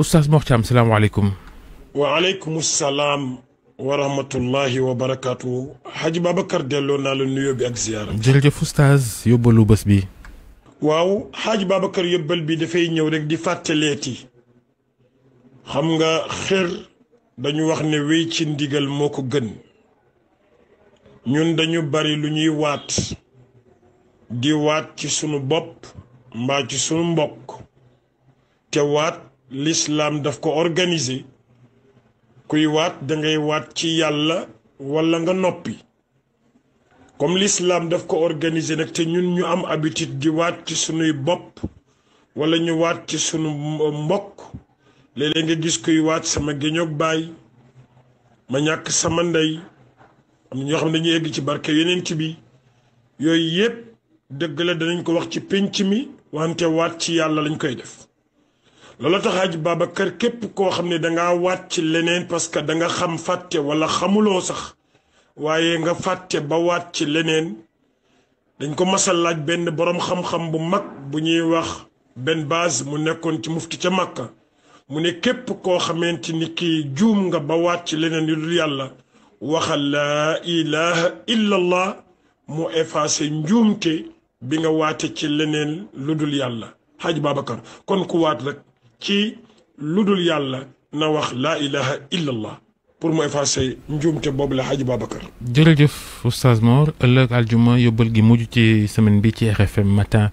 oustaz Mor Thiam salaamaaleykum. waaleykum salaam. wa rahmatullahi wa barakaatu. Haji Babacar delloo naa la nuyoo bi ak ziyaara. jërëjëf oustaz yóbbalu bés bi. waaw Haji Babacar yóbbal bi dafay ñëw rekk di fàttaleeti. xam nga xër dañu wax ne wéy ci ndigal moo ko gën. ñun dañu bari lu ñuy waat. di waat ci sunu bopp. mbaa ci sunu mbokk. te waat. l'islam daf ko organiser kuy da ngay wat ci yalla wala nga nopi comme l'islam daf ko organiser nak te ñun ñu am habitude di wat ci sunuy bop wala ñu wat ci sunu mbokk léeg-léeg nga gis kuy wat sama géñoog bay ma ñak sama ndey am ñu xam dañuy egg ci barke yenen ci bi yoy yépp deug la dañ ko wax ci pinch mi wante wat ci yalla lañ koy def loola tax Hadj Babacar képp koo xam ne danga waat ci leneen parce que danga xam fàtte wala xamuloo sax waaye nga fàtte ba waat ci leneen dañ ko masal laaj benn boroom xam-xam bu mag bu ñuy wax benn base mu nekkoon ci mufti ca màkk mu ne képp koo xamante ni ki juum nga ba waat ci leneen yu dul waxal laa ilaha illallah mu effacé njuumte bi nga waate ci leneen lu dul yàlla Hadj Babacar kon ku waat rek ci lu dul yàlla na wax laa ilaha illallah pour mu effacer njuumte bobu la Hadj Babacar. jërëjëf oustaz Mor ëllëg aljuma yobul gi muju ci semaine bi ci RFM matin